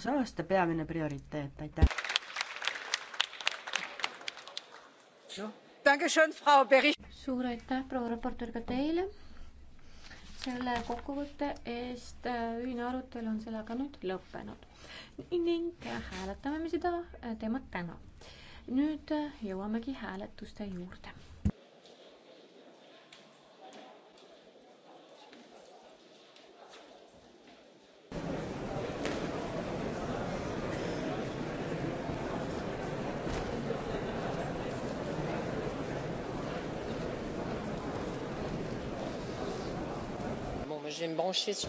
see aasta peamine prioriteet, aitäh. suur aitäh, proua raportöör, ka teile selle kokkuvõtte eest. ühine arutelu on sellega nüüd lõppenud ning hääletame me seda teemat täna. nüüd jõuamegi hääletuste juurde me brancher sur.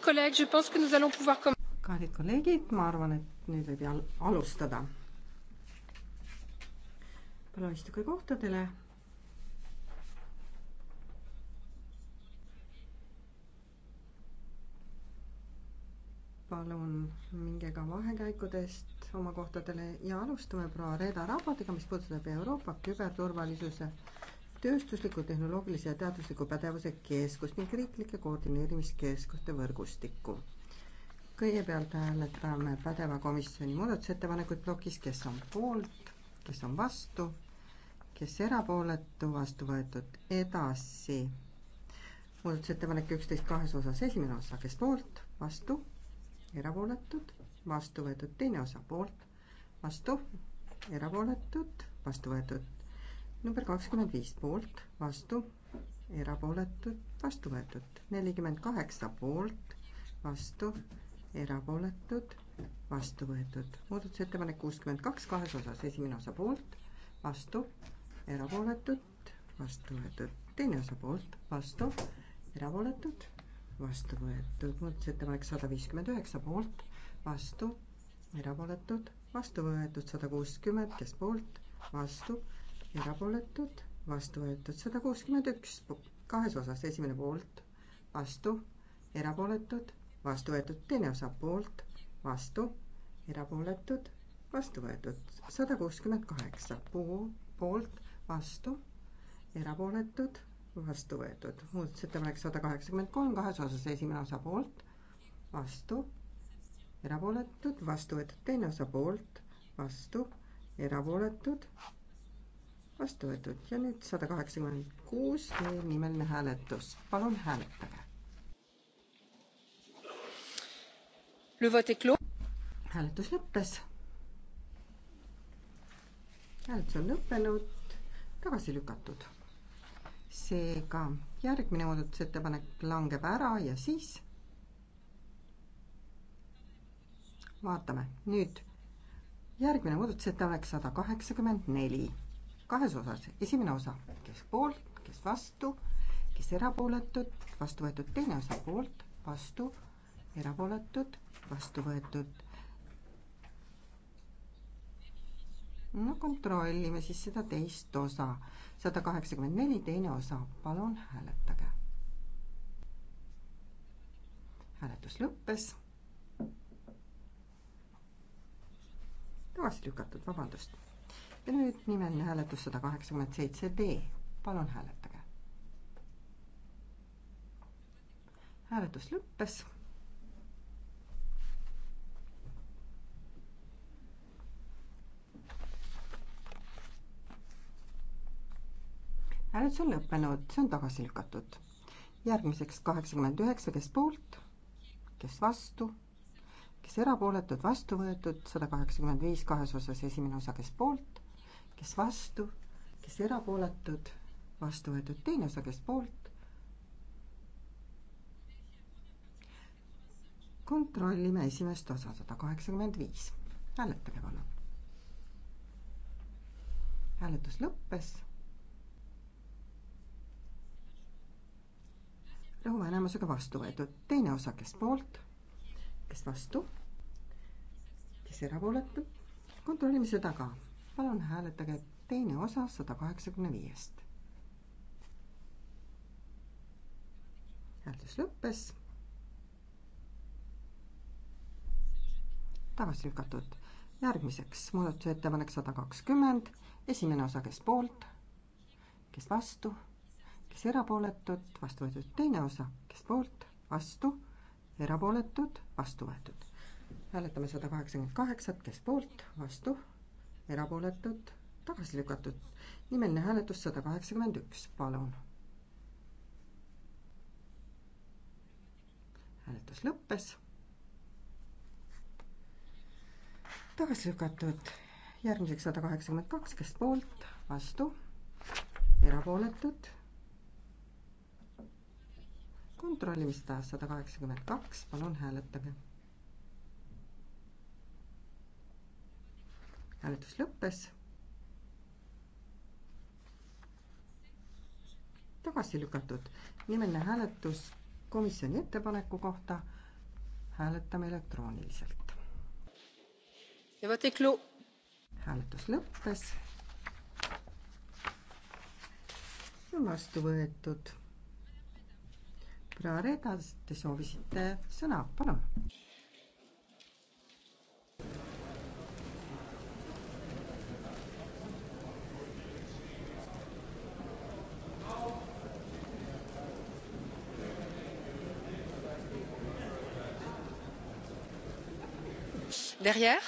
kallid kolleegid, ma arvan, et nüüd võib al alustada. palun istuge kohtadele. palun minge ka vahekäikudest oma kohtadele ja alustame proua Reeda raportiga, mis puudutab Euroopa küberturvalisuse tööstusliku, tehnoloogilise ja teadusliku pädevuse keskust ning riiklike koordineerimiskeskuste võrgustikku. kõigepealt hääletame pädeva komisjoni muudatusettepanekuid plokis, kes on poolt, kes on vastu, kes erapooletu, vastu võetud, edasi. muudatusettepanek üksteist kahes osas, esimene osa, kes poolt, vastu, erapooletud, vastu võetud, teine osa poolt, vastu, erapooletud, vastu võetud number kakskümmend viis poolt, vastu, erapooletud, vastu võetud. nelikümmend kaheksa poolt, vastu, erapooletud, vastu võetud. muudatusettepanek kuuskümmend kaks kahes osas, esimene osa poolt, vastu, erapooletud, vastu võetud. teine osa poolt, vastu, erapooletud, vastu võetud. muudatusettepanek sada viiskümmend üheksa poolt, vastu, erapooletud, vastu võetud. sada kuuskümmend, kes poolt, vastu erapooletud, vastu võetud sada kuuskümmend üks, kahes osas, esimene poolt, vastu, erapooletud, vastu võetud, teine osa poolt, vastu, erapooletud, vastu võetud, sada kuuskümmend kaheksa, puu, poolt, vastu, erapooletud, vastu võetud, muudatusettepanek sada kaheksakümmend kolm, kahes osas, esimene osa poolt, vastu, erapooletud, vastu võetud, teine osa poolt, vastu, erapooletud vastu võetud ja nüüd sada kaheksakümmend kuus nimeline hääletus, palun hääletage. hääletus lõppes. hääletus on lõppenud, tagasi lükatud. seega järgmine muudatusettepanek langeb ära ja siis vaatame nüüd järgmine muudatusettepanek sada kaheksakümmend neli kahes osas, esimene osa, kes poolt, kes vastu, kes erapooletud, vastu võetud, teine osa poolt, vastu, erapooletud, vastu võetud. no kontrollime siis seda teist osa, sada kaheksakümmend neli, teine osa, palun hääletage. hääletus lõppes tagasi lükatud, vabandust ja nüüd nimeline hääletus sada kaheksakümmend seitse D. palun hääletage. hääletus lõppes. hääletus on lõppenud, see on tagasi lükatud. järgmiseks kaheksakümmend üheksa, kes poolt, kes vastu, kes erapooletud, vastu võetud, sada kaheksakümmend viis kahes osas, esimene osa, kes poolt, kes vastu, kes erapooletud, vastu võetud teine osa, kes poolt. kontrollime esimest osa, sada kaheksakümmend viis. hääletage palun. hääletus lõppes. rõhuva enamusega vastu võetud, teine osa, kes poolt, kes vastu, kes erapooletu, kontrollime seda ka palun hääletage teine osa sada kaheksakümne viiest. hääletus lõppes. tagasi lükatud. järgmiseks muudatusettepanek sada kakskümmend, esimene osa, kes poolt, kes vastu, kes erapooletud, vastu võetud, teine osa, kes poolt, vastu, erapooletud, vastu võetud. hääletame sada kaheksakümmend kaheksat, kes poolt, vastu erapooletud, tagasi lükatud. nimeline hääletus sada kaheksakümmend üks, palun. hääletus lõppes. tagasi lükatud, järgmiseks sada kaheksakümmend kaks, kes poolt, vastu, erapooletud. kontrollime seda sada kaheksakümmend kaks, palun hääletage hääletus lõppes. tagasi lükatud nimeline hääletus komisjoni ettepaneku kohta. hääletame elektrooniliselt. hääletus lõppes. vastu võetud Prareda, te soovisite sõna, palun. derrière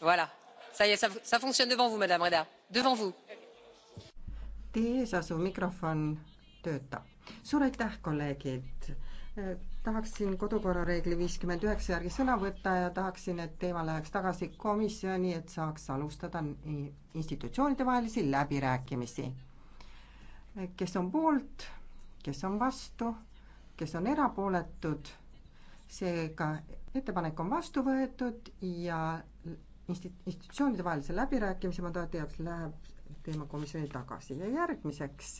voilà ça y est ça, ça fonctionne devant vous madame Reda devant vous tees asuv mikrofon töötab suur aitäh kolleegid äh, tahaksin kodukorrareegli viiskümmend üheksa järgi sõna võtta ja tahaksin, et teema läheks tagasi komisjoni, et saaks alustada institutsioonide vahelisi läbirääkimisi. Äh, kes on poolt, kes on vastu, kes on erapooletud seega ettepanek on vastu võetud ja institutsioonide vahelise läbirääkimise mandaati jaoks läheb teema komisjoni tagasi ja järgmiseks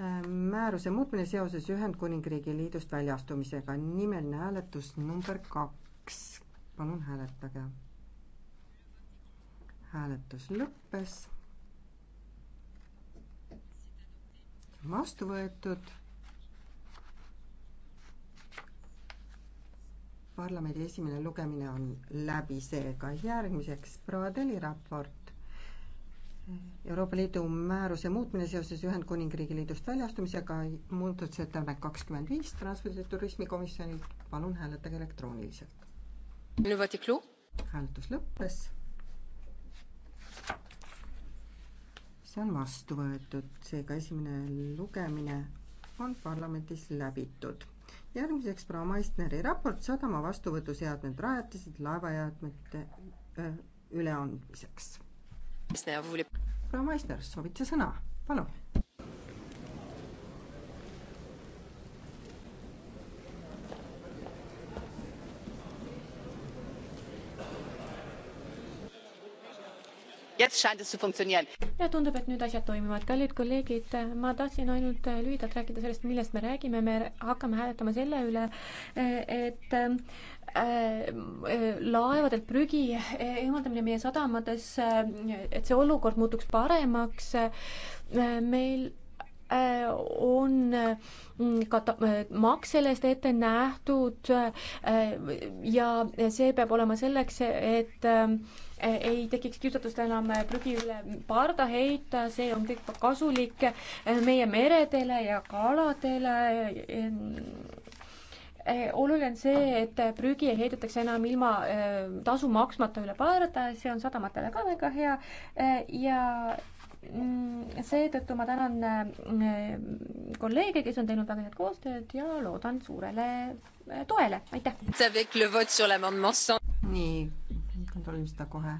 äh, määruse muutmine seoses Ühendkuningriigi Liidust väljaastumisega, nimeline hääletus number kaks. palun hääletage. hääletus lõppes. vastu võetud parlamendi esimene lugemine on läbi, seega järgmiseks Pradeli raport. Euroopa Liidu määruse muutmine seoses Ühendkuningriigi Liidust väljastumisega, muudatusettepanek kakskümmend viis Transpordi- ja Turismikomisjonilt, palun hääletage elektrooniliselt. hääletus lõppes. see on vastu võetud, seega esimene lugemine on parlamendis läbitud järgmiseks proua Meissneri raport sadama vastuvõtuseadmed, rajatised laevajäätmete äh, üleandmiseks. proua Meissner, soovite sõna, palun ja tundub, et nüüd asjad toimivad. kallid kolleegid, ma tahtsin ainult äh, lühidalt rääkida sellest, millest me räägime. me hakkame hääletama selle üle, äh, et äh, laevadelt prügi eemaldamine meie sadamates, et see olukord muutuks paremaks. meil Äh, on mm, ka äh, maks selle eest ette nähtud äh, ja see peab olema selleks, et ei tekiks kiusatust enam prügi üle parda heita, see on kõik kasulik meie meredele ja kaladele oluline on see, et prügi ei heidetakse enam ilma tasu maksmata üle parda, see on sadamatele ka väga hea ja Mm, seetõttu ma tänan äh, kolleege, kes on teinud väga head koostööd ja loodan suurele äh, toele, aitäh. nii, kontrollime seda kohe.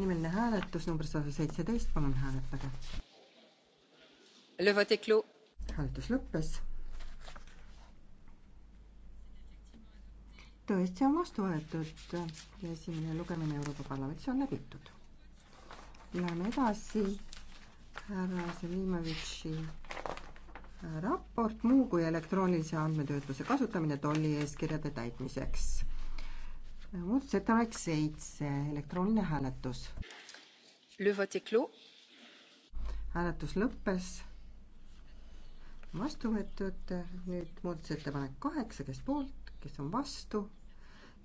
nimeline hääletus number sada seitseteist, palun hääletage. hääletus lõppes. tõesti on vastu võetud ja esimene lugemine Euroopa Parlamendis on läbitud. Läheme edasi härra Selimovitši äh, raport muu kui elektroonilise andmetöötluse kasutamine tollieeskirjade täitmiseks. Äh, muudatusettepanek seitse, elektrooniline hääletus. hääletus lõppes. vastu võetud, nüüd muudatusettepanek kaheksa, kes poolt, kes on vastu,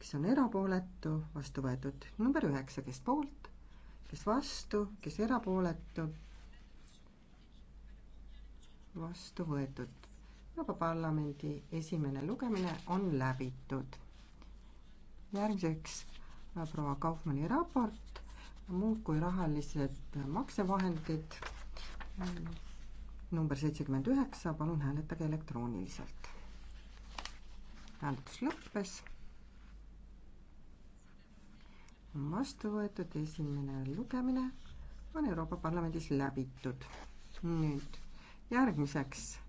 kes on erapooletu, vastu võetud number üheksa, kes poolt, kes vastu, kes erapooletu vastu võetud. Euroopa Parlamendi esimene lugemine on läbitud. järgmiseks äh, proua Kaufmanni raport, muud kui rahalised maksevahendid number seitsekümmend üheksa, palun hääletage elektrooniliselt. hääletus lõppes. on vastu võetud esimene lugemine, on Euroopa Parlamendis läbitud. nüüd järgmiseks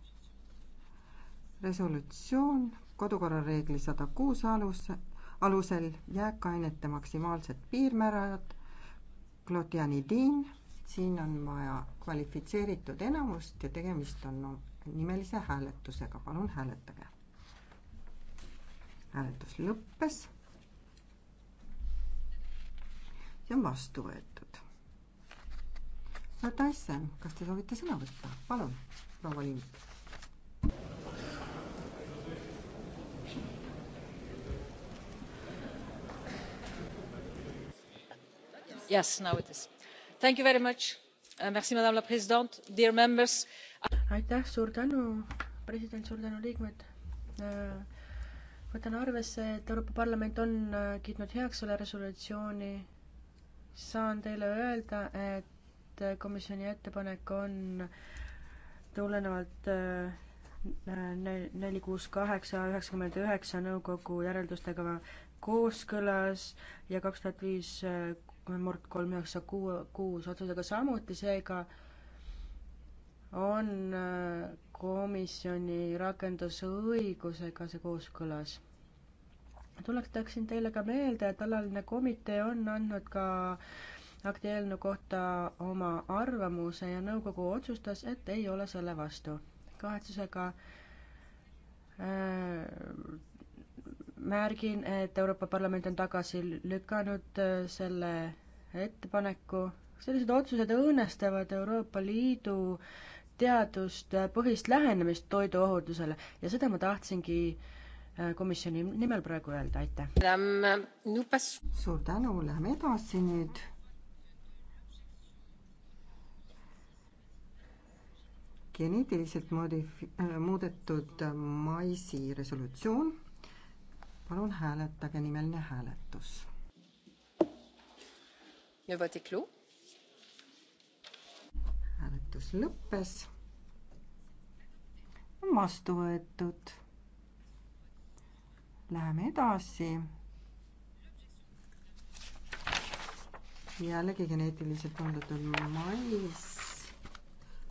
resolutsioon kodukorrareegli sada kuus alus, alusel jääkainete maksimaalsed piirmäärad, glutjanidiin, siin on vaja kvalifitseeritud enamust ja tegemist on nimelise hääletusega, palun hääletage. hääletus lõppes. see on vastu võetud. Tassen, kas te soovite sõna võtta? palun, proua Lind. Yes, now it is. Thank you very much. Uh, merci, madame la president, dear members. Uh, aitäh, suur tänu, president, suur tänu, liikmed uh, võtan arvesse, et Euroopa Parlament on kiitnud heaks selle resolutsiooni. saan teile öelda, et et äh, komisjoni ettepanek on tulenevalt äh, neli kuus kaheksa üheksakümmend üheksa nõukogu järeldustega kooskõlas ja kaks tuhat viis äh, murd kolm üheksa kuu kuus otsusega samuti, seega on komisjoni rakendusõigusega see kooskõlas. tuletaksin teile ka meelde, et alaline komitee on andnud ka äh, akti eelnõu kohta oma arvamuse ja nõukogu otsustas, et ei ole selle vastu. kahetsusega äh, märgin, et Euroopa Parlament on tagasi lükanud äh, selle ettepaneku. sellised otsused õõnestavad Euroopa Liidu teadustepõhist äh, lähenemist toiduohutusele ja seda ma tahtsingi äh, komisjoni nimel praegu öelda, aitäh. suur tänu, lähme edasi nüüd geneetiliselt modif-, äh, muudetud maisi resolutsioon. palun hääletage, nimeline hääletus. hääletus lõppes. on vastu võetud. Läheme edasi. jällegi geneetiliselt muudetud mais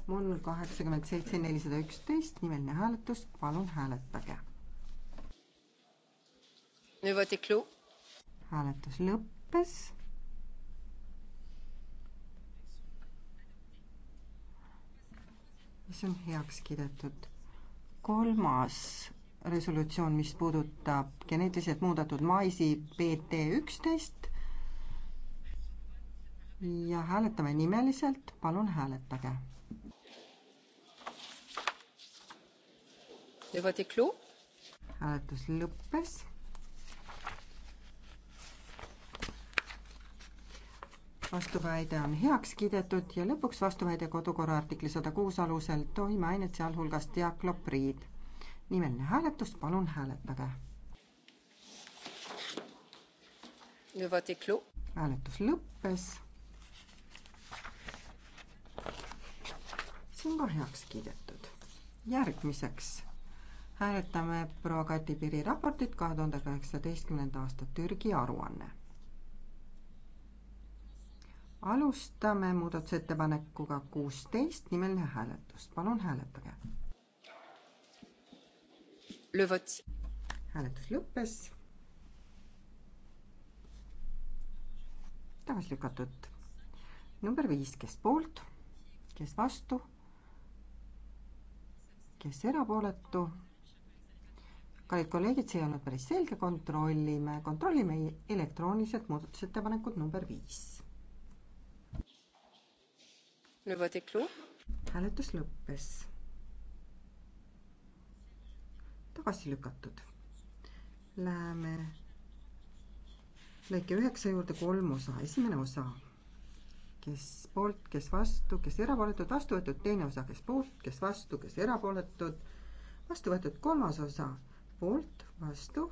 mul kaheksakümmend seitse, nelisada üksteist, nimeline hääletus, palun hääletage. hääletus lõppes. mis on heaks kiidetud. kolmas resolutsioon, mis puudutab geneetiliselt muudatud maisi BT üksteist ja hääletame nimeliselt, palun hääletage hääletus lõppes. vastuväide on heaks kiidetud ja lõpuks vastuväide kodukorra artikli sada kuus alusel toimeained, sealhulgas diaklopriid. nimeline hääletus, palun hääletage. hääletus lõppes. see on ka heaks kiidetud. järgmiseks hääletame proua Kati Piri raportit kahe tuhande kaheksateistkümnenda aasta Türgi aruanne. alustame muudatusettepanekuga kuusteist, nimeline hääletus, palun hääletage. hääletus lõppes. tagasi lükatud number viis, kes poolt, kes vastu, kes erapooletu kallid kolleegid, see ei olnud päris selge, kontrollime, kontrollime elektrooniliselt muudatusettepanekut number viis. hääletus lõppes. tagasi lükatud. Läheme lõike üheksa juurde kolm osa, esimene osa, kes poolt, kes vastu, kes erapooletud, vastu võetud, teine osa, kes poolt, kes vastu, kes erapooletud, vastu võetud kolmas osa poolt, vastu,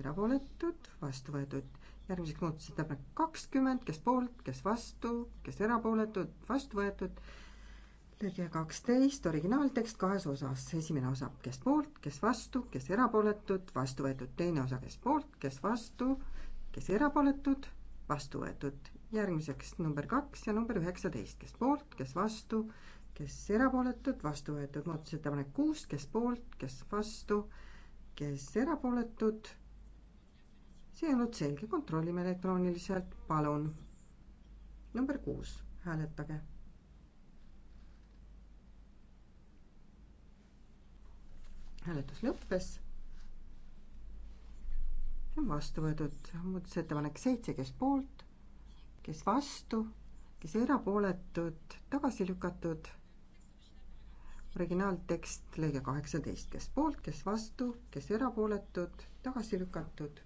erapooletud, vastu võetud. järgmiseks muudatusettepanek kakskümmend, kes poolt, kes vastu, kes erapooletud, vastu võetud. lõige kaksteist, originaaltekst kahes osas, esimene osa, kes poolt, kes vastu, kes erapooletud, vastu võetud, teine osa, kes poolt, kes vastu, kes erapooletud, vastu võetud. järgmiseks number kaks ja number üheksateist, kes poolt, kes vastu, kes erapooletud, vastu võetud, muudatusettepanek kuus, kes poolt, kes vastu kes erapooletud. see ei olnud selge, kontrollime elektrooniliselt, palun. number kuus, hääletage. hääletus lõppes. see on vastu võetud muudatusettepanek seitse, kes poolt, kes vastu, kes erapooletud, tagasi lükatud originaaltekst lõige kaheksateist, kes poolt, kes vastu, kes erapooletud, tagasi lükatud.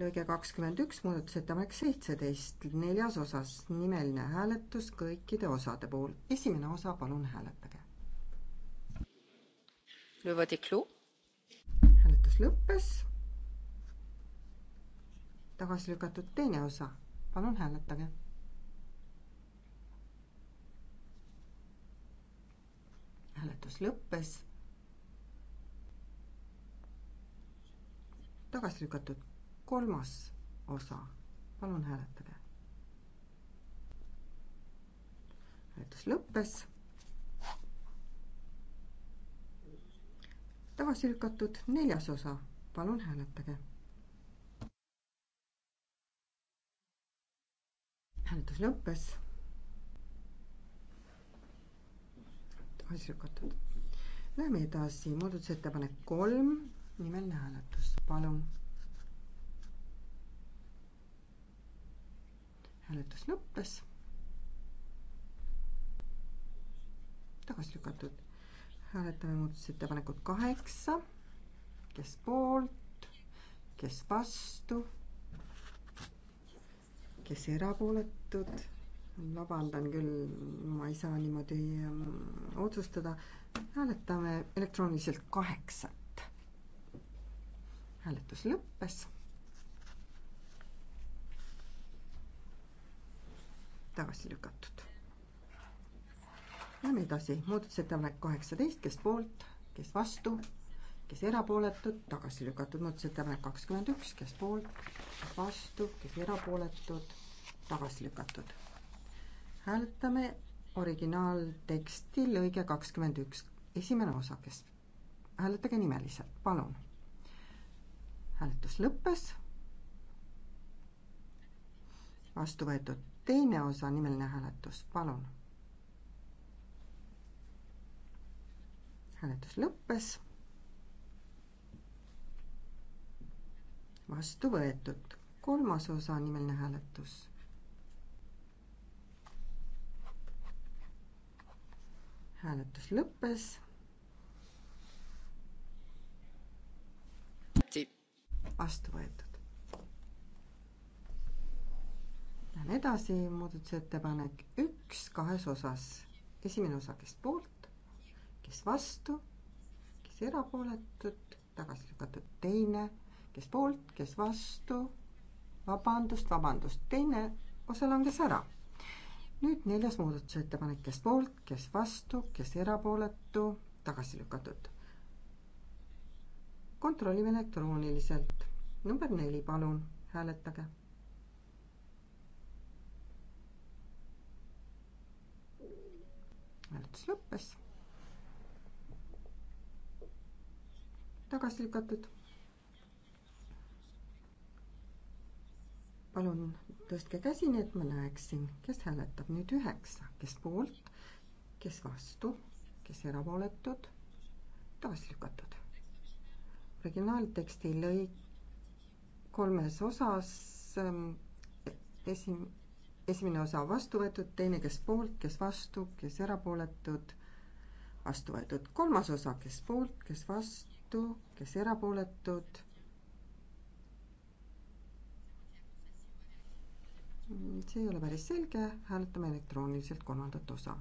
lõige kakskümmend üks, muudatusettepanek seitseteist, neljas osas, nimeline hääletus kõikide osade puhul. esimene osa, palun hääletage. hääletus lõppes. tagasi lükatud teine osa, palun hääletage hääletus lõppes. tagasi lükatud kolmas osa, palun hääletage. hääletus lõppes. tagasi lükatud neljas osa, palun hääletage. hääletus lõppes tagasi lükatud. Läheme edasi, muudatusettepanek kolm, nimeline hääletus, palun. hääletus lõppes. tagasi lükatud. hääletame muudatusettepanekut kaheksa, kes poolt, kes vastu, kes erapooletud vabandan küll, ma ei saa niimoodi ähm, otsustada. hääletame elektrooniliselt kaheksat. hääletus lõppes. tagasi lükatud. Lähme edasi, muudatusettepanek kaheksateist, kes poolt, kes vastu, kes erapooletud, tagasi lükatud, muudatusettepanek kakskümmend üks, kes poolt, vastu, kes erapooletud, tagasi lükatud hääletame originaalteksti lõige kakskümmend üks, esimene osa, kes hääletage nimeliselt, palun. hääletus lõppes. vastu võetud teine osa, nimeline hääletus, palun. hääletus lõppes. vastu võetud kolmas osa, nimeline hääletus hääletus lõppes. vastu võetud. Lähme edasi, muudatusettepanek üks kahes osas. esimene osa, kes poolt, kes vastu, kes erapooletud, tagasi lükatud, teine, kes poolt, kes vastu, vabandust, vabandust, teine osa langes ära nüüd neljas muudatusettepanek, kes poolt, kes vastu, kes erapooletu, tagasi lükatud. kontrollime elektrooniliselt. number neli, palun, hääletage. hääletus lõppes. tagasi lükatud palun tõstke käsi, nii et ma näeksin, kes hääletab nüüd üheksa, kes poolt, kes vastu, kes erapooletud, tagasi lükatud. originaalteksti lõik kolmes osas ähm, esim-, esimene osa vastu võetud, teine, kes poolt, kes vastu, kes erapooletud, vastu võetud. kolmas osa, kes poolt, kes vastu, kes erapooletud see ei ole päris selge, hääletame elektrooniliselt kolmandat osa.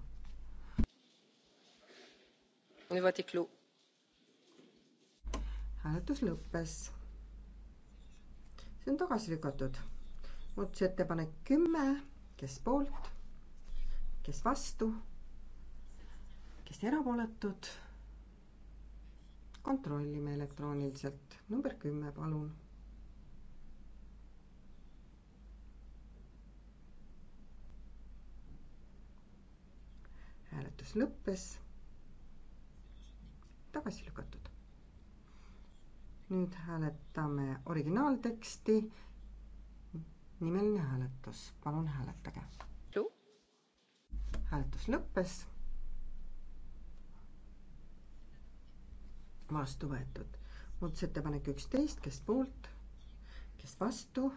hääletus lõppes. see on tagasi lükatud. muudatusettepanek kümme, kes poolt, kes vastu, kes erapooletud. kontrollime elektrooniliselt, number kümme, palun hääletus lõppes. tagasi lükatud. nüüd hääletame originaalteksti. nimeline hääletus, palun hääletage. hääletus lõppes. vastu võetud muudatusettepanek üksteist, kes poolt, kes vastu,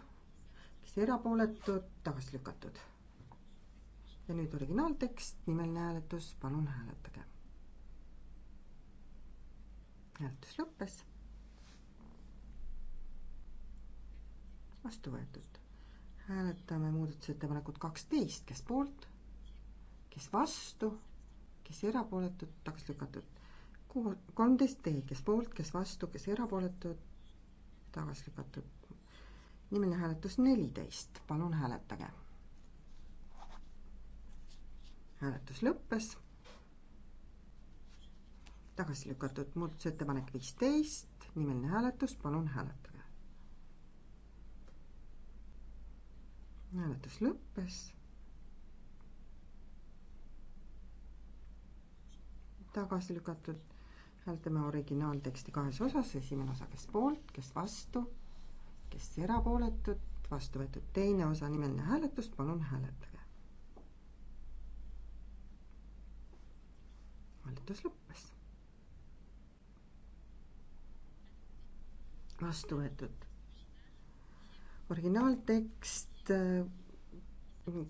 kes erapooletud, tagasi lükatud ja nüüd originaaltekst, nimeline hääletus, palun hääletage. hääletus lõppes. vastu võetud. hääletame muudatusettepanekut kaksteist, kes poolt, kes vastu, kes erapooletud, tagasi lükatud. kolmteist D, kes poolt, kes vastu, kes erapooletud, tagasi lükatud. nimeline hääletus neliteist, palun hääletage hääletus lõppes. tagasi lükatud muudatusettepanek viisteist, nimeline hääletus, palun hääletage. hääletus lõppes. tagasi lükatud hääletame originaalteksti kahes osas, esimene osa, kes poolt, kes vastu, kes erapooletud, vastu võetud teine osa, nimeline hääletus, palun hääletage. hääletus lõppes. vastu võetud. originaaltekst,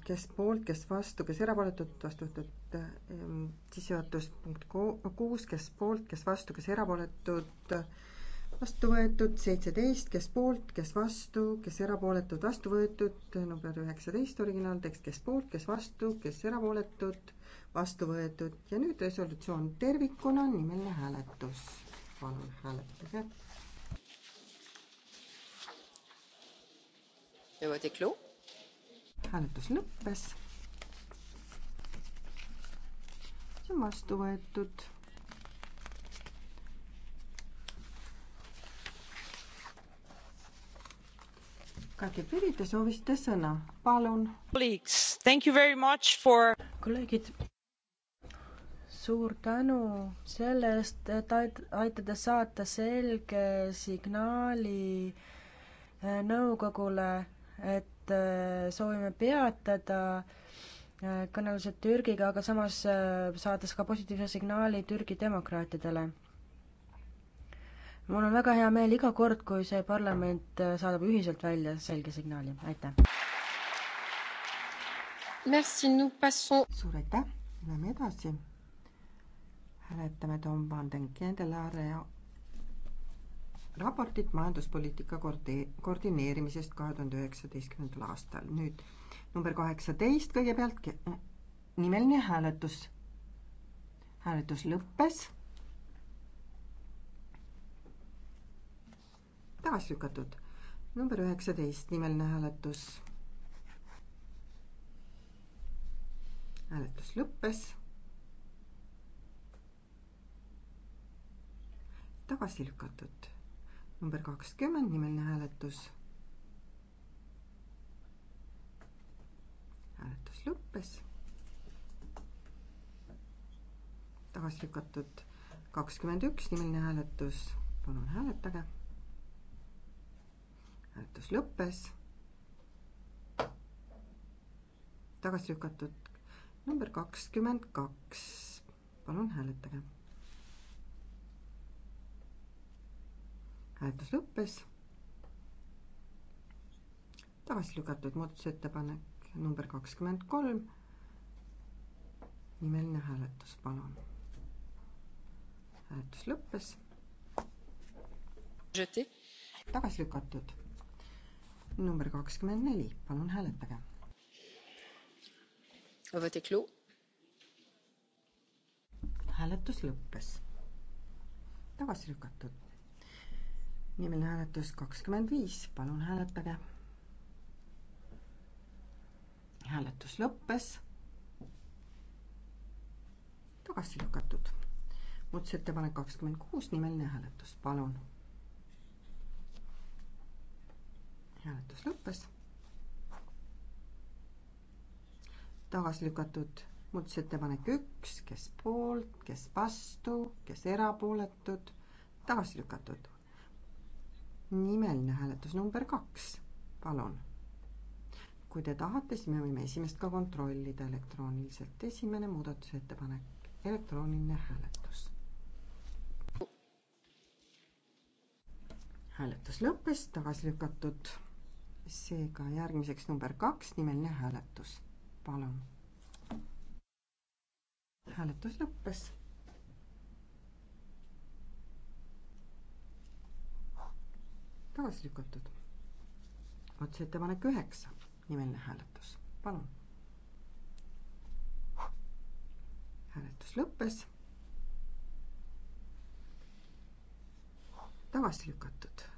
kes poolt, kes vastu, kes erapooletud, vastu võetud ehm, sissejuhatus punkt kuus, kes poolt, kes vastu, kes erapooletud vastu võetud, seitseteist, kes poolt, kes vastu, kes erapooletud, vastu võetud, number üheksateist originaaltekst, kes poolt, kes vastu, kes erapooletud, vastu võetud ja nüüd resolutsioon tervikuna, nimeline hääletus. palun hääletage. hääletus lõppes. see on vastu võetud Kati Piri, te soovisite sõna, palun. For... kolleegid, suur tänu selle eest, et ait-, aitate saata selge signaali äh, nõukogule, et äh, soovime peatada äh, kõnelused Türgiga, aga samas saates ka positiivse signaali Türgi demokraatidele mul on väga hea meel iga kord, kui see parlament äh, saadab ühiselt välja selge signaali, aitäh. suur aitäh, läheme edasi. hääletame Tom van den Kendelaare ja raportit majanduspoliitika koordi-, koordineerimisest kahe tuhande üheksateistkümnendal aastal. nüüd number kaheksateist kõigepealt nimeline hääletus. hääletus lõppes tagasi lükatud. number üheksateist, nimeline hääletus. hääletus lõppes. tagasi lükatud. number kakskümmend, nimeline hääletus. hääletus lõppes. tagasi lükatud kakskümmend üks, nimeline hääletus. palun hääletage hääletus lõppes. tagasi lükatud number kakskümmend kaks. palun hääletage. hääletus lõppes. tagasi lükatud muudatusettepanek number kakskümmend kolm. nimeline hääletus, palun. hääletus lõppes. tagasi lükatud number kakskümmend neli, palun hääletage. hääletus lõppes. tagasi lükatud. nimeline hääletus kakskümmend viis, palun hääletage. hääletus lõppes. tagasi lükatud. muudatusettepanek kakskümmend kuus, nimeline hääletus, palun hääletus lõppes. tagasi lükatud muudatusettepanek üks, kes poolt, kes vastu, kes erapooletud, tagasi lükatud. nimeline hääletus number kaks, palun. kui te tahate, siis me võime esimest ka kontrollida elektrooniliselt. esimene muudatusettepanek, elektrooniline hääletus. hääletus lõppes, tagasi lükatud seega järgmiseks number kaks, nimeline hääletus. palun. hääletus lõppes tagasi lükatud. otsusettepanek üheksa, nimeline hääletus, palun. hääletus lõppes. tagasi lükatud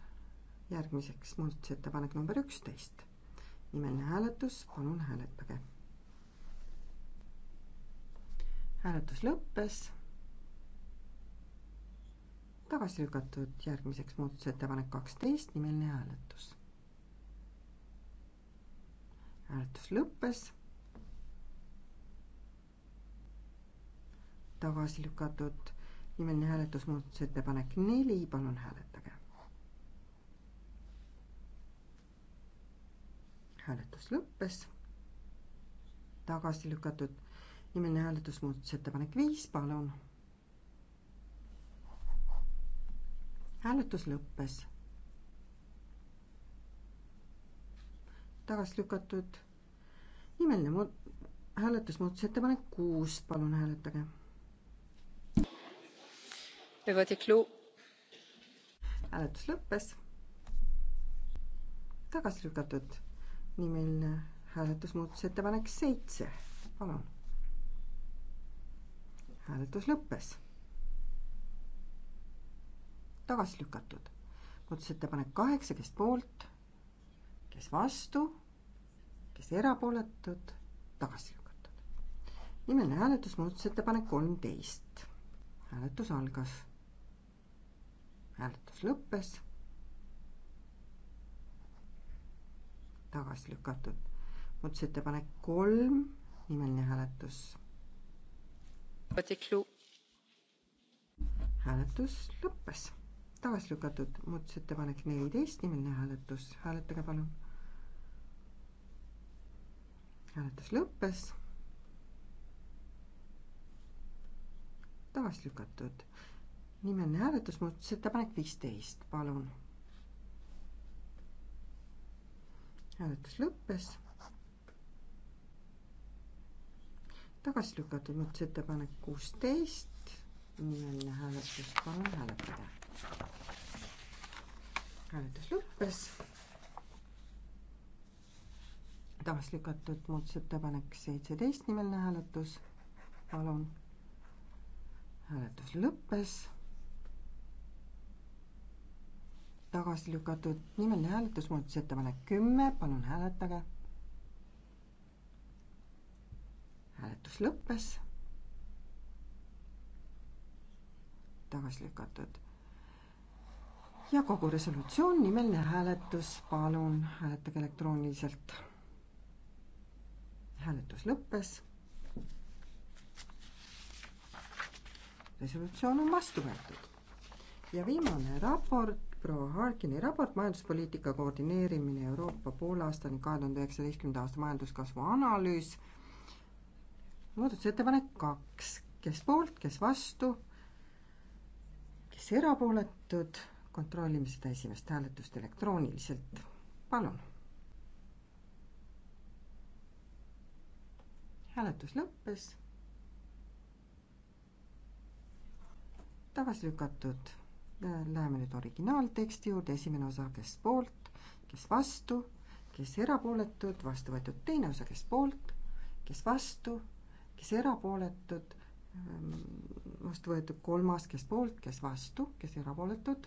järgmiseks muudatusettepanek number üksteist. nimeline hääletus, palun hääletage. hääletus lõppes. tagasi lükatud järgmiseks muudatusettepanek kaksteist, nimeline hääletus. hääletus lõppes. tagasi lükatud nimeline hääletus muudatusettepanek neli, palun hääletage. hääletus lõppes. tagasi lükatud nimeline hääletus, muudatusettepanek viis, palun. hääletus lõppes. tagasi lükatud nimeline mu-, hääletus, muudatusettepanek kuus, palun hääletage. hääletus lõppes tagasi lükatud nimeline äh, hääletus, muudatusettepanek seitse, palun. hääletus lõppes. tagasi lükatud. muudatusettepanek kaheksa, kes poolt, kes vastu, kes erapooletud, tagasi lükatud. nimeline hääletus, muudatusettepanek kolmteist. hääletus algas. hääletus lõppes tagasi lükatud. muudatusettepanek kolm, nimeline hääletus. hääletus lõppes. tagasi lükatud muudatusettepanek neliteist, nimeline hääletus, hääletage palun. hääletus lõppes. tagasi lükatud nimeline hääletus, muudatusettepanek viisteist, palun hääletus lõppes. tagasi lükatud muudatusettepanek kuusteist, nimeline hääletus, palun hääletada. hääletus lõppes. tagasi lükatud muudatusettepanek seitseteist, nimeline hääletus, palun. hääletus lõppes tagasi lükatud. nimeline hääletus, muudatusettepanek kümme, palun hääletage. hääletus lõppes. tagasi lükatud. ja kogu resolutsioon, nimeline hääletus, palun hääletage elektrooniliselt. hääletus lõppes. resolutsioon on vastu võetud ja viimane raport proua Harkini raport majanduspoliitika koordineerimine Euroopa poolaastani kahe tuhande üheksateistkümnenda aasta majanduskasvu analüüs. muudatusettepanek kaks, kes poolt, kes vastu, kes erapooletud, kontrollime seda esimest hääletust elektrooniliselt, palun. hääletus lõppes. tagasi lükatud Läheme nüüd originaalteksti juurde, esimene osa, kes poolt, kes vastu, kes erapooletud, vastu võetud, teine osa, kes poolt, kes vastu, kes erapooletud, vastu võetud, kolmas, kes poolt, kes vastu, kes erapooletud,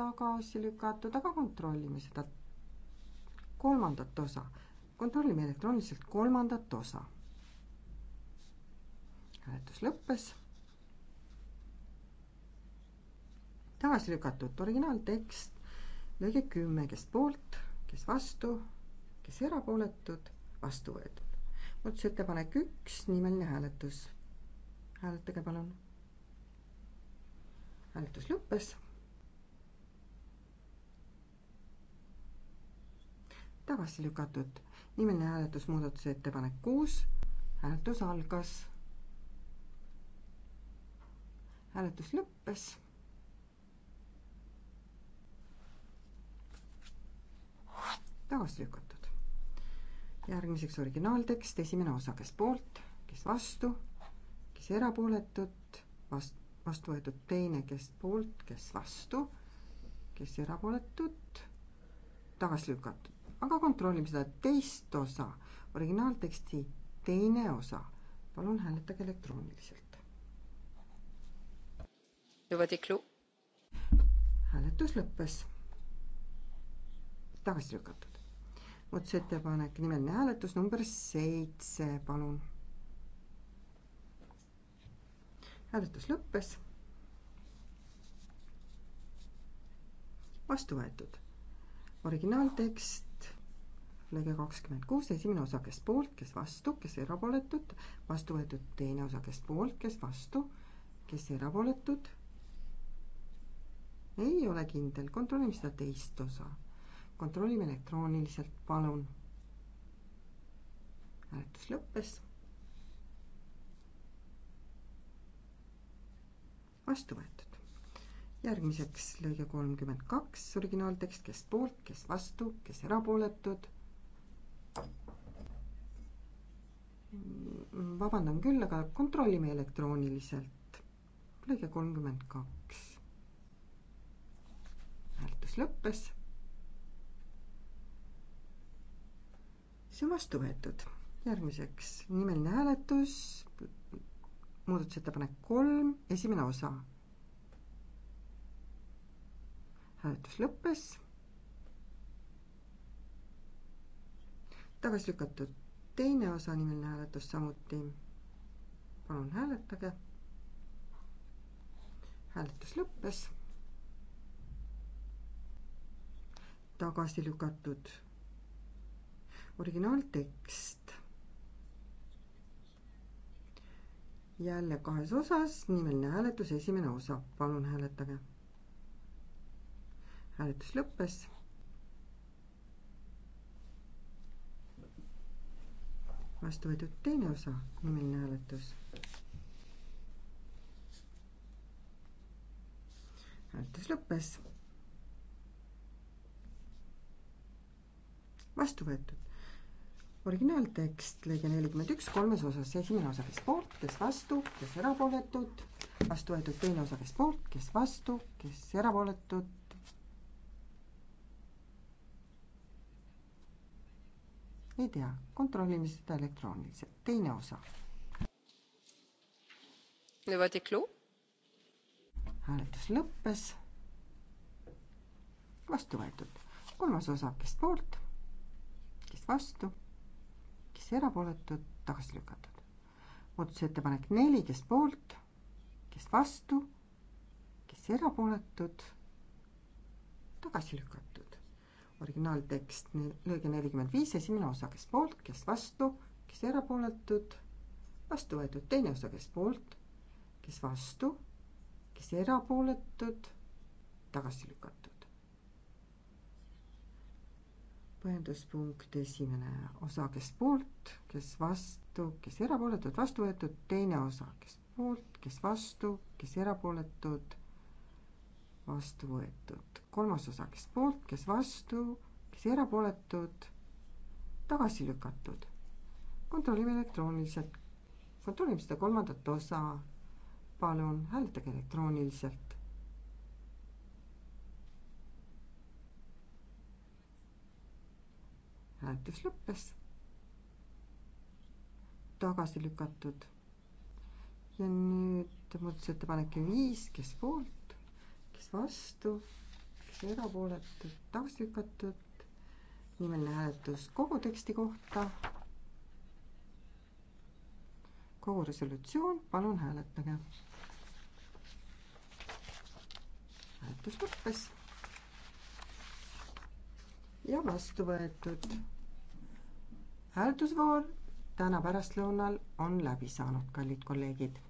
tagasi lükatud, aga kontrollime seda kolmandat osa. kontrollime elektrooniliselt kolmandat osa. hääletus lõppes tagasi lükatud. originaaltekst, lõige kümme, kes poolt, kes vastu, kes erapooletud, vastu võetud. muudatusettepanek üks, nimeline hääletus. hääletage palun. hääletus lõppes. tagasi lükatud, nimeline hääletus, muudatusettepanek kuus, hääletus algas hääletus lõppes tagasi lükatud. järgmiseks originaaltekst, esimene osa, kes poolt, kes vastu, kes erapooletud, vast-, vastu võetud teine, kes poolt, kes vastu, kes erapooletud, tagasi lükatud. aga kontrollime seda teist osa, originaalteksti teine osa. palun hääletage elektrooniliselt. hääletus lõppes tagasi lükatud muudatusettepanek, nimeline hääletus number seitse, palun. hääletus lõppes. vastu võetud. originaaltekst, lõige kakskümmend kuus, esimene osa, kes poolt, kes vastu, kes erapooletud, vastu võetud teine osa, kes poolt, kes vastu, kes erapooletud. ei ole kindel, kontrollime seda teist osa kontrollime elektrooniliselt, palun. hääletus lõppes. vastu võetud. järgmiseks lõige kolmkümmend kaks, originaaltekst, kes poolt, kes vastu, kes erapooletud. vabandan küll, aga kontrollime elektrooniliselt. lõige kolmkümmend kaks. hääletus lõppes see on vastu võetud. järgmiseks nimeline hääletus, muudatusettepanek kolm, esimene osa. hääletus lõppes. tagasi lükatud teine osa, nimeline hääletus samuti. palun hääletage. hääletus lõppes. tagasi lükatud originaaltekst. jälle kahes osas, nimeline hääletus, esimene osa, palun hääletage. hääletus lõppes. vastu võetud teine osa, nimeline hääletus. hääletus lõppes. vastu võetud originaaltekst, lõige nelikümmend üks, kolmes osas, esimene osa, kes poolt, kes vastu, kes erapooletud, vastu võetud teine osa, kes poolt, kes vastu, kes erapooletud. ei tea, kontrollime seda elektrooniliselt, teine osa. hääletus lõppes. vastu võetud, kolmas osa, kes poolt, kes vastu kes erapooletud, tagasi lükatud. muudatusettepanek neli, kes poolt, kes vastu, kes erapooletud, tagasi lükatud. originaaltekst lõige nelikümmend viis, esimene osa, kes poolt, kes vastu, kes erapooletud, vastu võetud, teine osa, kes poolt, kes vastu, kes erapooletud, tagasi lükatud põhjenduspunkt esimene osa, kes poolt, kes vastu, kes erapooletud, vastu võetud, teine osa, kes poolt, kes vastu, kes erapooletud, vastu võetud, kolmas osa, kes poolt, kes vastu, kes erapooletud, tagasi lükatud. kontrollime elektrooniliselt, kontrollime seda kolmandat osa. palun hääletage elektrooniliselt. hääletus lõppes. tagasi lükatud. ja nüüd muudatusettepanek viis, kes poolt, kes vastu, kes erapooletud, tagasi lükatud. nimeline hääletus kogu teksti kohta. kogu resolutsioon, palun hääletage. hääletus lõppes ja vastu võetud. hääletusvoor täna pärastlõunal on läbi saanud, kallid kolleegid.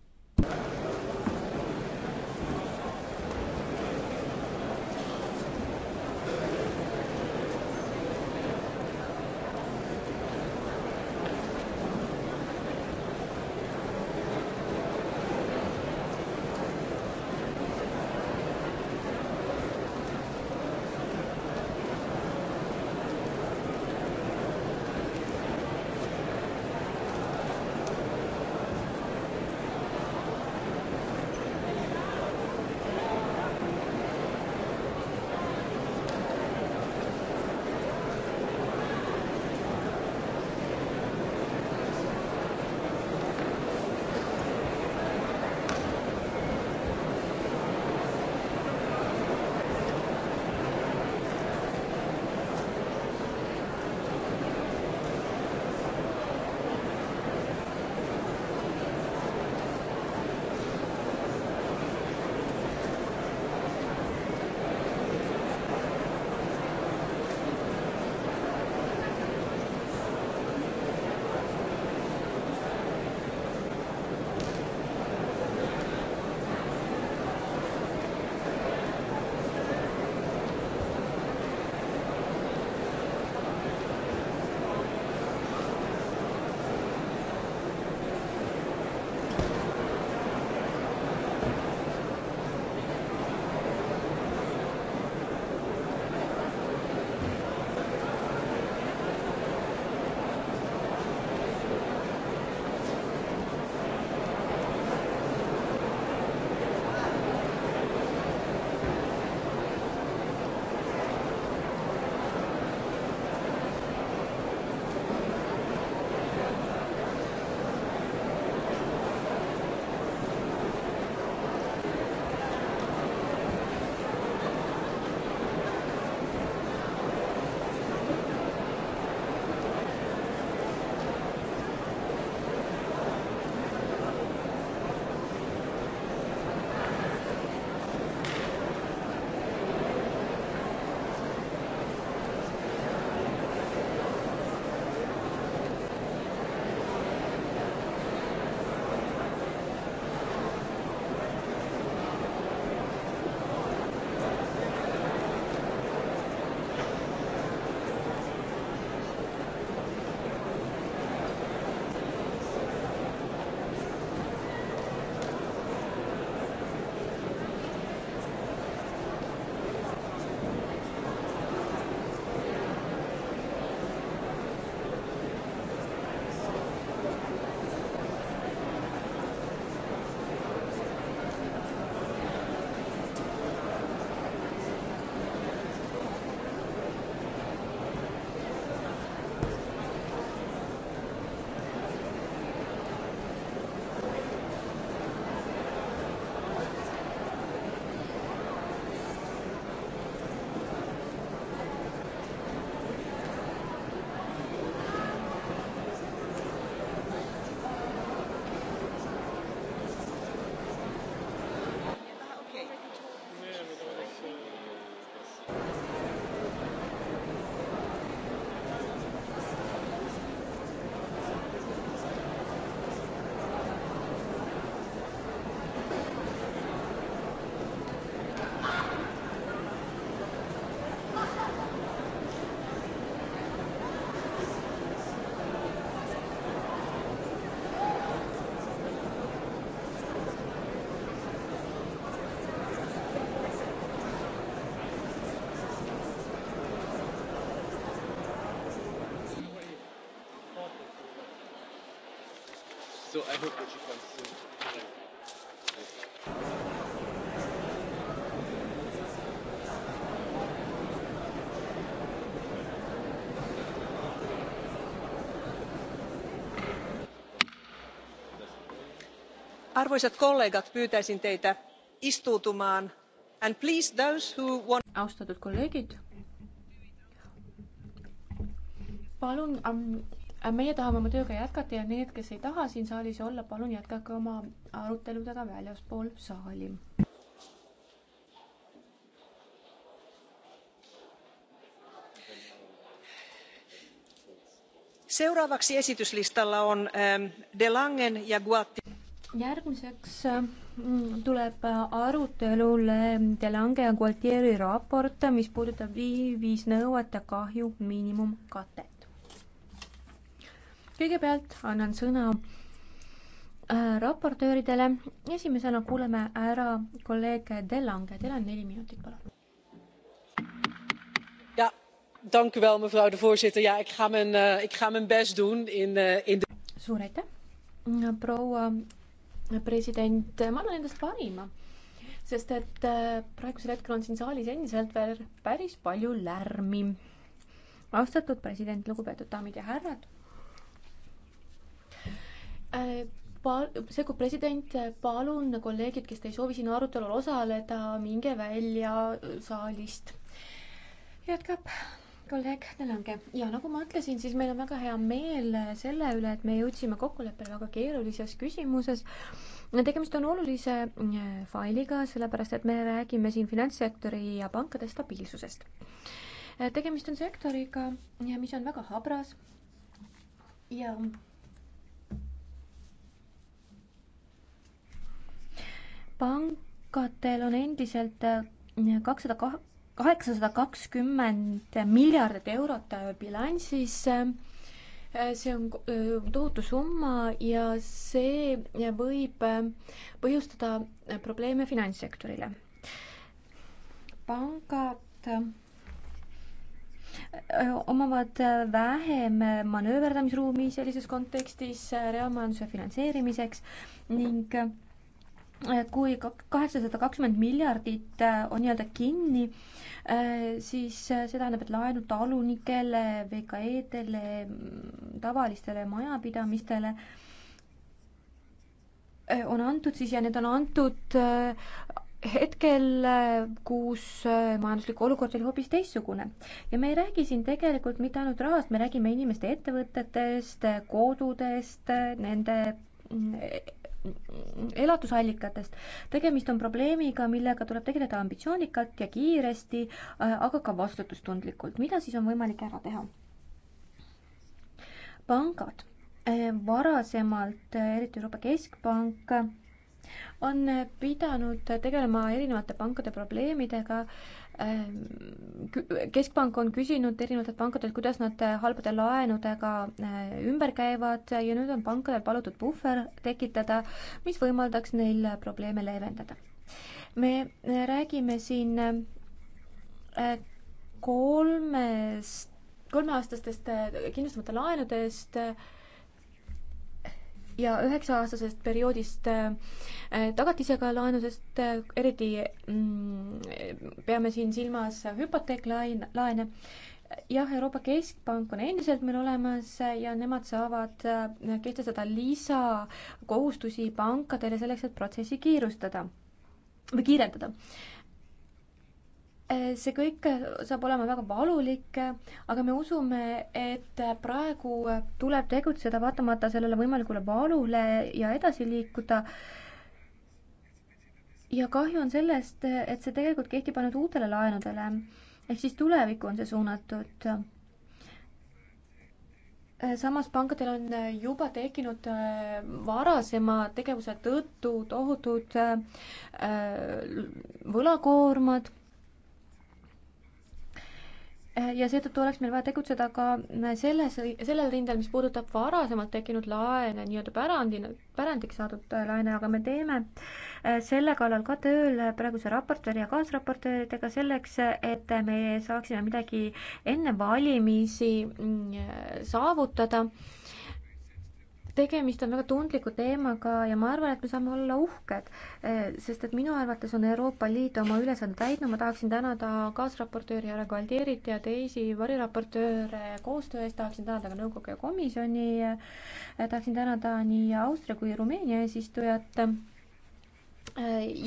i hope that she comes soon. arvoisat kollegat pyytäisin teitä istuutumaan and please those who want. austatud kolleegid palun um, Äh, meie tahame oma tööga jätkata ja need, kes ei taha siin saalis olla, palun jätkake oma aruteludega väljaspool saali. seuraavaksi esityslistalla on ähm, De Langen ja Guati. järgmiseks äh, tuleb äh, arutelule De Lange ja Gualtieri raport, mis puudutab viivis nõuete kahju miinimumkatet kõigepealt annan sõna äh, raportööridele. esimesena kuuleme ära kolleeg Dellange, teil on neli minutit, palun. Dank u wel, mevrouw de voorzitter. Ja, ik ga mijn, uh, ik ga mijn best doen in, uh, in de... Suur aitäh, proua president, ma annan endast parima, sest et äh, praegusel hetkel on siin saalis endiselt veel päris palju lärmi. austatud president, lugupeetud daamid ja härrad pal-, sekkub president, eh, palun kolleegid, kes te ei soovi siin arutelul osaleda, minge välja eh, saalist. jätkab kolleeg Nelange ja nagu ma ütlesin, siis meil on väga hea meel eh, selle üle, et me jõudsime kokkuleppele väga keerulises küsimuses. tegemist on olulise failiga, sellepärast et me räägime siin finantssektori ja pankade stabiilsusest. tegemist on sektoriga, mis on väga habras ja pankadel on endiselt äh, kakssada kaheksasada kakskümmend miljardit eurot äh, bilansis. Äh, see on tohutu summa ja see võib põhjustada probleeme finantssektorile. pangad omavad vähem manööverdamisruumi sellises kontekstis reaalmajanduse finantseerimiseks ning kui kaheksasada kakskümmend miljardit äh, on nii-öelda kinni, äh, siis äh, see tähendab, et laenud talunikele, VKE-dele, tavalistele majapidamistele on antud siis ja need on antud hetkel, kus majanduslik olukord oli hoopis teistsugune. ja me ei räägi siin tegelikult mitte ainult rahast, me räägime inimeste ettevõtetest, kodudest, nende mm, elatusallikatest. tegemist on probleemiga, millega tuleb tegeleda ambitsioonikalt ja kiiresti, äh, aga ka vastutustundlikult. mida siis on võimalik ära teha? pangad, äh, varasemalt äh, eriti Euroopa Keskpank on pidanud tegelema erinevate pankade probleemidega. Ehm, keskpank on küsinud erinevatelt pankadelt, kuidas nad halbade laenudega ehm, ümber käivad ja nüüd on pankadel palutud puhver tekitada, mis võimaldaks neil probleeme leevendada. me räägime siin ehm, kolmest, kolmeaastastest eh, kindlustamata laenudest ja üheksa-aastasest perioodist äh, tagatisega laenudest, äh, eriti mm, peame siin silmas hüpoteeklaen, laene. jah, Euroopa Keskpank on endiselt meil olemas ja nemad saavad äh, kehtestada lisakohustusi pankadele selleks, et protsessi kiirustada või kiirendada Eh, see kõik saab olema väga valulik, aga me usume, et praegu tuleb tegutseda vaatamata sellele võimalikule valule ja edasi liikuda. ja kahju on sellest, et see tegelikult kehtib ainult uutele laenudele, ehk siis tulevikku on see suunatud. Eh, samas pankadel on juba tekkinud eh, varasema tegevuse tõttu tohutud võlakoormad ja seetõttu oleks meil vaja tegutseda ka selles, sellel rindel, mis puudutab varasemalt tekkinud laene, nii-öelda pärandina, pärandiks saadud laene, aga me teeme äh, selle kallal ka tööl praeguse raportööri ja kaasraportööridega selleks, et me saaksime midagi enne valimisi mm, saavutada tegemist on väga tundliku teemaga ja ma arvan, et me saame olla uhked, eh, sest et minu arvates on Euroopa Liit oma ülesande täitnud, ma tahaksin tänada kaasraportööri härra Galdierit ja teisi variraportööre koostöö eest, tahaksin tänada ka nõukogu ja komisjoni, eh, tahaksin tänada nii Austria kui Rumeenia eesistujat eh,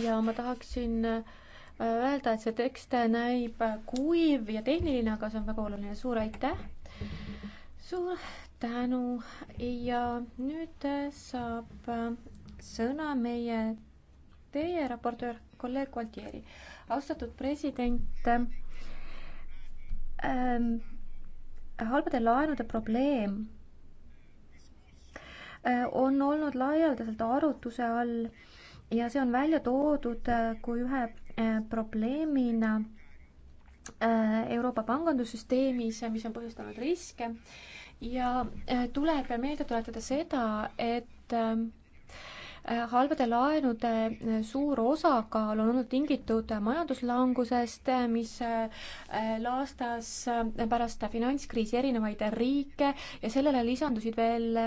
ja ma tahaksin öelda, et see tekst näib kuiv ja tehniline, aga see on väga oluline, suur aitäh! suur tänu ja nüüd saab äh, sõna meie teie raportöör, kolleeg Gualtieri. austatud president ähm,, halbade laenude probleem äh, on olnud laialdaselt arutuse all ja see on välja toodud äh, kui ühe probleemina Euroopa pangandussüsteemis, mis on põhjustanud riske ja äh, tuleb meelde tuletada seda, et äh, halbade laenude äh, suur osakaal on olnud tingitud majanduslangusest, mis laastas pärast finantskriisi erinevaid riike ja sellele lisandusid veel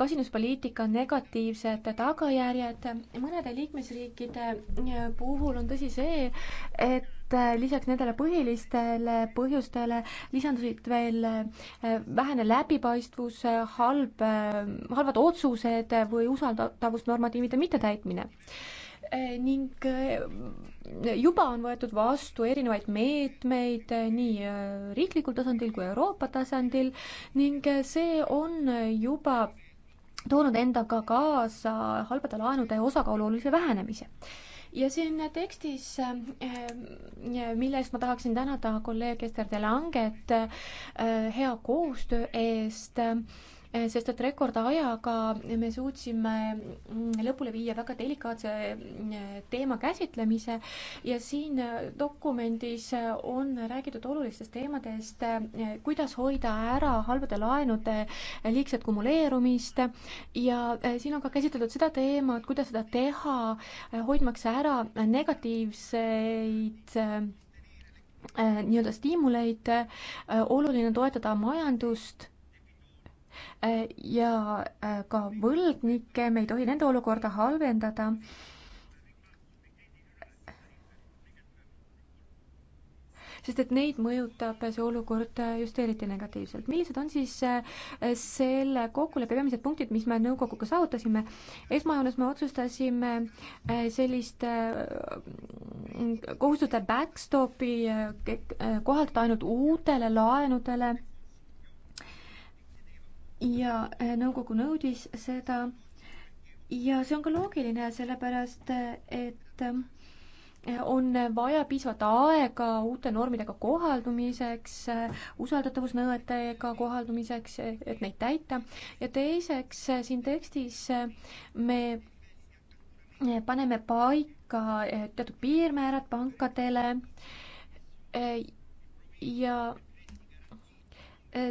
kasinuspoliitika negatiivsed tagajärjed. mõnede liikmesriikide puhul on tõsi see, et et äh, lisaks nendele põhilistele põhjustele lisandusid veel äh, vähene läbipaistvus, halb, äh, halvad otsused või usaldatavusnormatiivide mittetäitmine ning juba on võetud vastu erinevaid meetmeid nii riiklikul tasandil kui Euroopa tasandil ning see on juba toonud endaga kaasa halbade laenude osakaalu olulise vähenemise ja siin tekstis, ähm, mille eest ma tahaksin tänada kolleeg Ester Delanget äh, hea koostöö eest, ähm, Eh, sest et rekordajaga me suutsime mm, lõpule viia väga delikaatse mm, teema käsitlemise ja siin eh, dokumendis eh, on räägitud olulistest teemadest, kuidas hoida ära halbade laenude liigset kumuleerumist ja siin on ka käsitletud seda teemat, kuidas seda teha, hoidmaks ära negatiivseid nii-öelda stiimuleid, oluline on toetada majandust Äh, ja äh, ka võlgnikke, me ei tohi nende olukorda halvendada. sest et neid mõjutab see olukord äh, just eriti negatiivselt. millised on siis selle kokkuleppe peamised punktid, mis me nõukoguga saavutasime? esmajoones me otsustasime sellist kohustuste backstopi kohaldada ainult uutele laenudele ja äh, nõukogu nõudis seda ja see on ka loogiline, sellepärast et äh, on vaja piisavalt aega uute normidega kohaldumiseks, äh, usaldatavusnõuetega kohaldumiseks, et neid täita ja teiseks siin tekstis me paneme paika teatud piirmäärad pankadele ja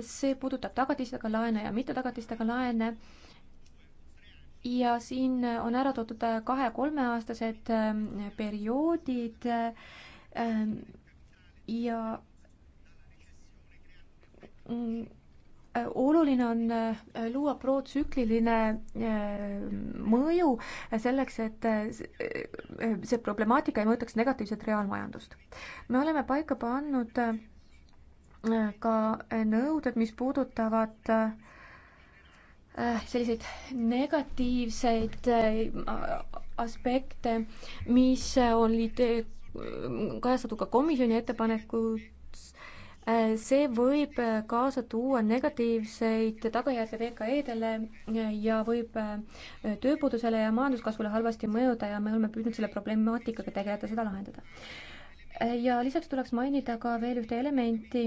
see puudutab tagatistega laene ja mittetagatistega laene ja siin on ära toodud kahe- ja kolmeaastased ähm, perioodid ähm, ja mm, oluline on äh, luua protsükliline äh, mõju selleks, et äh, see problemaatika ei mõjutaks negatiivselt reaalmajandust. me oleme paika pannud ka nõuded, mis puudutavad äh, selliseid negatiivseid äh, aspekte, mis olid äh, kajastatud ka komisjoni ettepanekus, see võib kaasa tuua negatiivseid tagajärgi VKE-dele ja võib tööpuudusele ja majanduskasvule halvasti mõjuda ja me oleme püüdnud selle problemaatikaga tegeleda, seda lahendada ja lisaks tuleks mainida ka veel ühte elementi,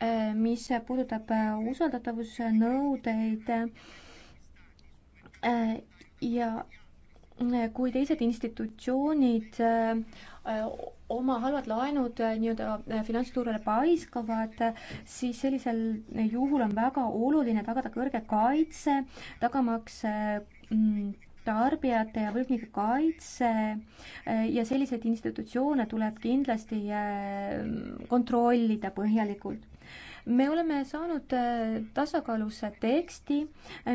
äh, mis puudutab äh, usaldatavusnõudeid äh, ja kui teised institutsioonid oma halvad laenud nii-öelda finantsturule paiskavad, siis sellisel juhul on väga oluline tagada kõrge kaitse, tagamaks mm, tarbijate ja võlgnike kaitse eh, ja selliseid institutsioone tuleb kindlasti eh, kontrollida põhjalikult. me oleme saanud eh, tasakaalus teksti,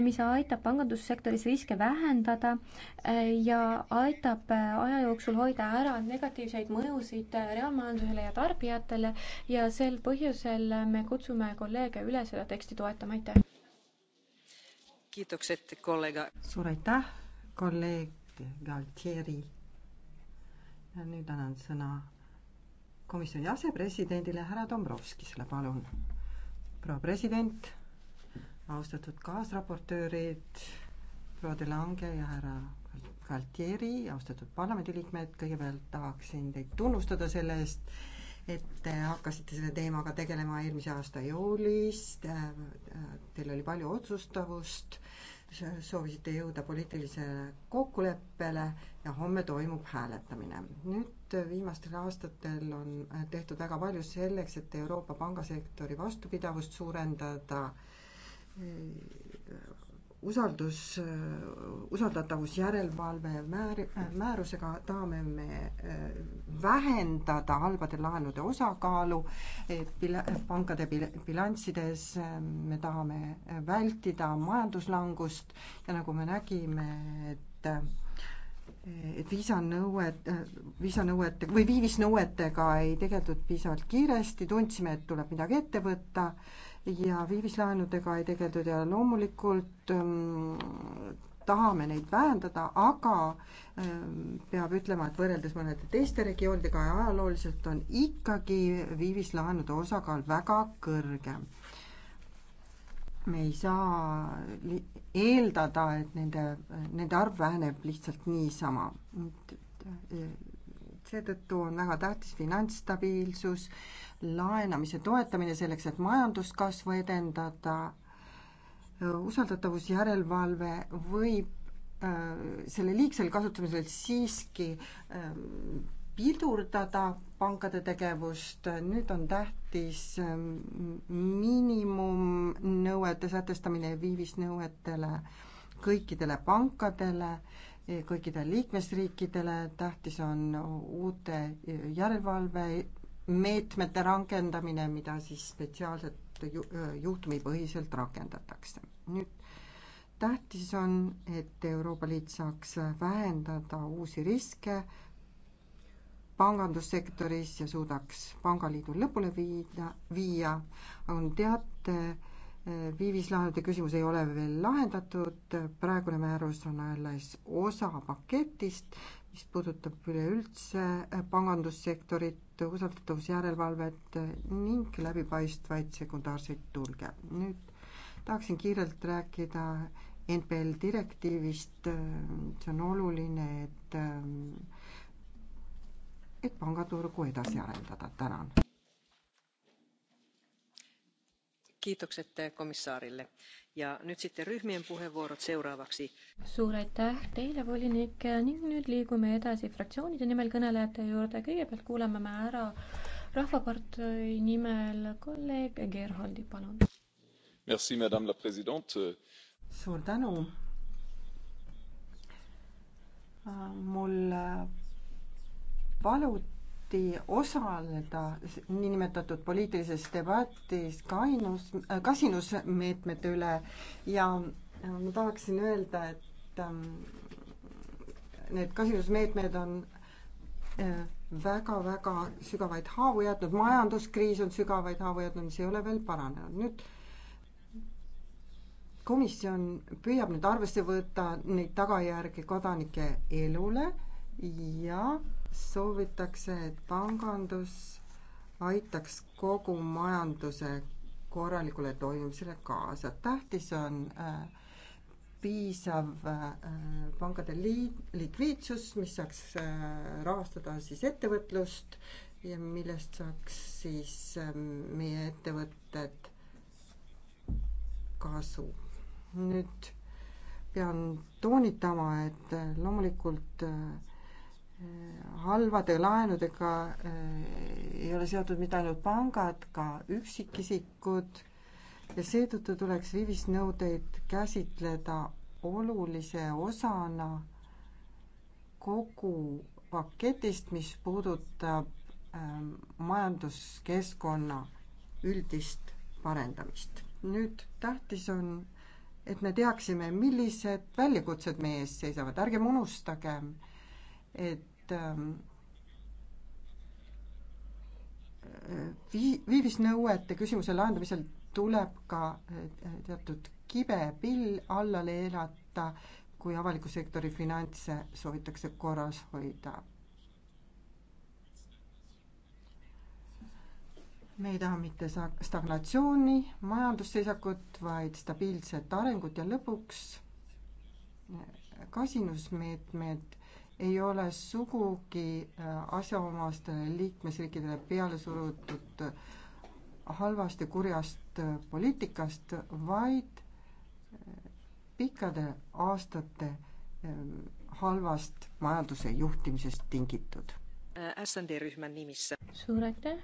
mis aitab pangandussektoris riske vähendada ja aitab aja jooksul hoida ära negatiivseid mõjusid reaalmajandusele ja tarbijatele ja sel põhjusel me kutsume kolleege üle seda teksti toetama, aitäh! suur aitäh kolleeg Galtieri. ja nüüd annan sõna komisjoni asepresidendile härra Dombrovskisele, palun. proua president, austatud kaasraportöörid, proua De Lange ja härra Galtieri, austatud parlamendiliikmed, kõigepealt tahaksin teid tunnustada selle eest, et te hakkasite selle teemaga tegelema eelmise aasta juulis, teil oli palju otsustavust soovisite jõuda poliitilisele kokkuleppele ja homme toimub hääletamine. nüüd äh, viimastel aastatel on äh, tehtud väga palju selleks, et Euroopa pangasektori vastupidavust suurendada äh, usaldus, usaldatavusjärelevalve määr, määrusega tahame me äh, vähendada halbade laenude osakaalu äh, pil-, pankade pil-, bilanssides, äh, me tahame vältida majanduslangust ja nagu me nägime, et et viisanõuet, viisanõuete või viivisnõuetega ei tegeldud piisavalt kiiresti, tundsime, et tuleb midagi ette võtta ja viivislaenudega ei tegeldud ja loomulikult ähm, tahame neid vähendada, aga ähm, peab ütlema, et võrreldes mõnede teiste regioonidega ajalooliselt on ikkagi viivislaenude osakaal väga kõrge me ei saa eeldada, et nende, nende arv väheneb lihtsalt niisama. Äh, seetõttu on väga tähtis finantsstabiilsus, laenamise toetamine selleks, et majanduskasvu edendada, usaldatavusjärelevalve võib äh, selle liigsel kasutamisel siiski äh, pidurdada pankade tegevust, nüüd on tähtis äh, miinimumnõuete sätestamine viivisnõuetele kõikidele pankadele äh,, kõikidele liikmesriikidele, tähtis on uute järelevalvemeetmete rakendamine, mida siis spetsiaalselt ju-, juhtumipõhiselt rakendatakse. nüüd tähtis on, et Euroopa Liit saaks vähendada uusi riske pangandussektoris ja suudaks pangaliidu lõpule viida, viia, on teate, viivislaenude küsimus ei ole veel lahendatud, praegune määrus on alles osa paketist, mis puudutab üleüldse pangandussektorit, usaldatavusjärelevalvet ning läbipaistvaid sekundaarseid tulge. nüüd tahaksin kiirelt rääkida NPL direktiivist, see on oluline, et et pangaturgu edasi arendada, tänan kiitokset komissaarille ja nüüd sitten ryhmien puheenvuorot seuraavaksi. suur aitäh teile, volinik ning nüüd liigume edasi fraktsioonide nimel kõnelejate juurde. kõigepealt kuulame me ära Rahvapartei nimel kolleeg Gerholdi, palun. Merci, madame la president. suur tänu. mul paluti samuti osaleda niinimetatud poliitilises debatis kainus, kasinusmeetmete üle ja äh, ma tahaksin öelda, et ähm, need kasinusmeetmed on väga-väga äh, sügavaid haavu jätnud, majanduskriis on sügavaid haavu jätnud, mis ei ole veel paranenud. nüüd komisjon püüab nüüd arvesse võtta neid tagajärgi kodanike elule ja soovitakse, et pangandus aitaks kogu majanduse korralikule toimimisele kaasa. tähtis on äh, piisav äh, pangade liit, likviidsus, mis saaks äh, rahastada siis ettevõtlust ja millest saaks siis meie ettevõtted kasu. nüüd pean toonitama, et loomulikult äh, halvade laenudega eh, ei ole seotud mitte ainult pangad, ka üksikisikud ja seetõttu tuleks rivisnõudeid käsitleda olulise osana kogu paketist, mis puudutab ähm, majanduskeskkonna üldist parendamist. nüüd tähtis on, et me teaksime, millised väljakutsed meie ees seisavad, ärgem unustagem, et Äh, vii-, viivisnõuete küsimuse lahendamisel tuleb ka äh, teatud kibepill alla leelata, kui avaliku sektori finantse soovitakse korras hoida. me ei taha mitte stagnatsiooni, majandusseisakut, vaid stabiilset arengut ja lõpuks äh, kasinusmeetmed ei ole sugugi äh, asjaomastele liikmesriikidele peale surutud äh, halvasti kurjast äh, poliitikast, vaid pikkade aastate halvast majanduse juhtimisest tingitud. SND rühma nimissä. suur aitäh,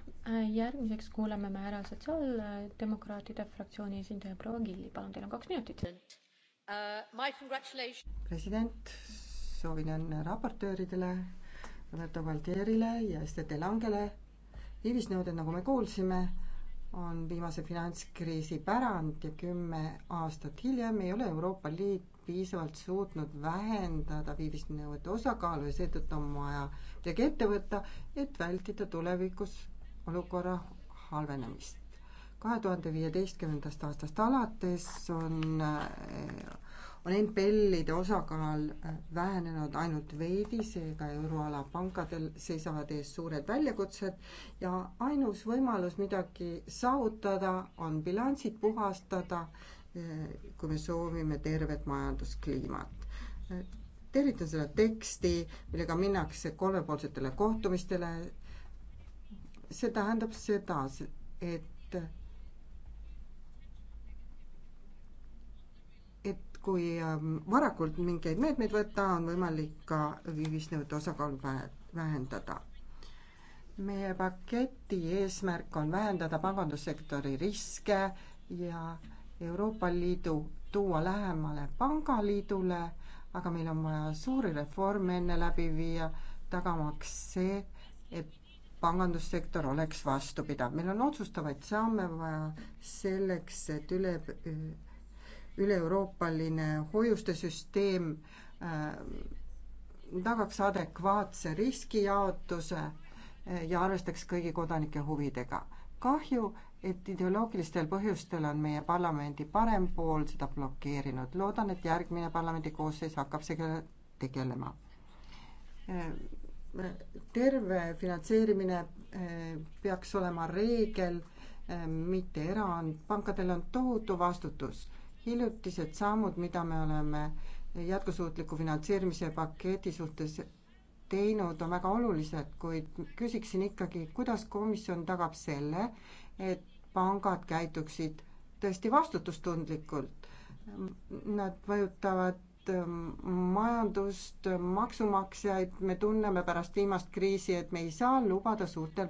järgmiseks kuulame me ära Sotsiaaldemokraatide fraktsiooni esindaja proua Killi, palun, teil on kaks minutit. president, soovin õnne raportööridele, Roberto Gualtierile ja Estete Langele. liivisnõuded, nagu me kuulsime, on viimase finantskriisi pärand ja kümme aastat hiljem ei ole Euroopa Liit piisavalt suutnud vähendada viivisnõuete osakaalu ja seetõttu on vaja midagi ette võtta, et vältida tulevikus olukorra halvenemist. kahe tuhande viieteistkümnendast aastast alates on eh, on NPL-ide osakaal äh, vähenenud ainult veidi, seega euroala pankadel seisavad ees suured väljakutsed ja ainus võimalus midagi saavutada on bilansid puhastada, äh, kui me soovime tervet majanduskliimat äh, tervitan seda teksti, millega minnakse kolmepoolsetele kohtumistele. see tähendab seda, et kui ähm, varakult mingeid meetmeid võtta, on võimalik ka ühisnõude osakaalu vähendada. meie paketi eesmärk on vähendada pangandussektori riske ja Euroopa Liidu tuua lähemale pangaliidule, aga meil on vaja suuri reforme enne läbi viia, tagamaks see, et pangandussektor oleks vastupidav. meil on otsustavaid samme vaja selleks, et üle üle-euroopaline hoiuste süsteem äh, tagaks adekvaatse riskijaotuse äh, ja arvestaks kõigi kodanike huvidega. kahju, et ideoloogilistel põhjustel on meie parlamendi parem pool seda blokeerinud. loodan, et järgmine parlamendi koosseis hakkab sellega tegelema. Äh, terve finantseerimine peaks olema reegel, mitte erand. pankadel on tohutu vastutus hiljutised sammud, mida me oleme jätkusuutliku finantseerimise paketi suhtes teinud, on väga olulised, kuid küsiksin ikkagi, kuidas komisjon tagab selle, et pangad käituksid tõesti vastutustundlikult. Nad mõjutavad ähm, majandust, maksumaksjaid, me tunneme pärast viimast kriisi, et me ei saa lubada suurtel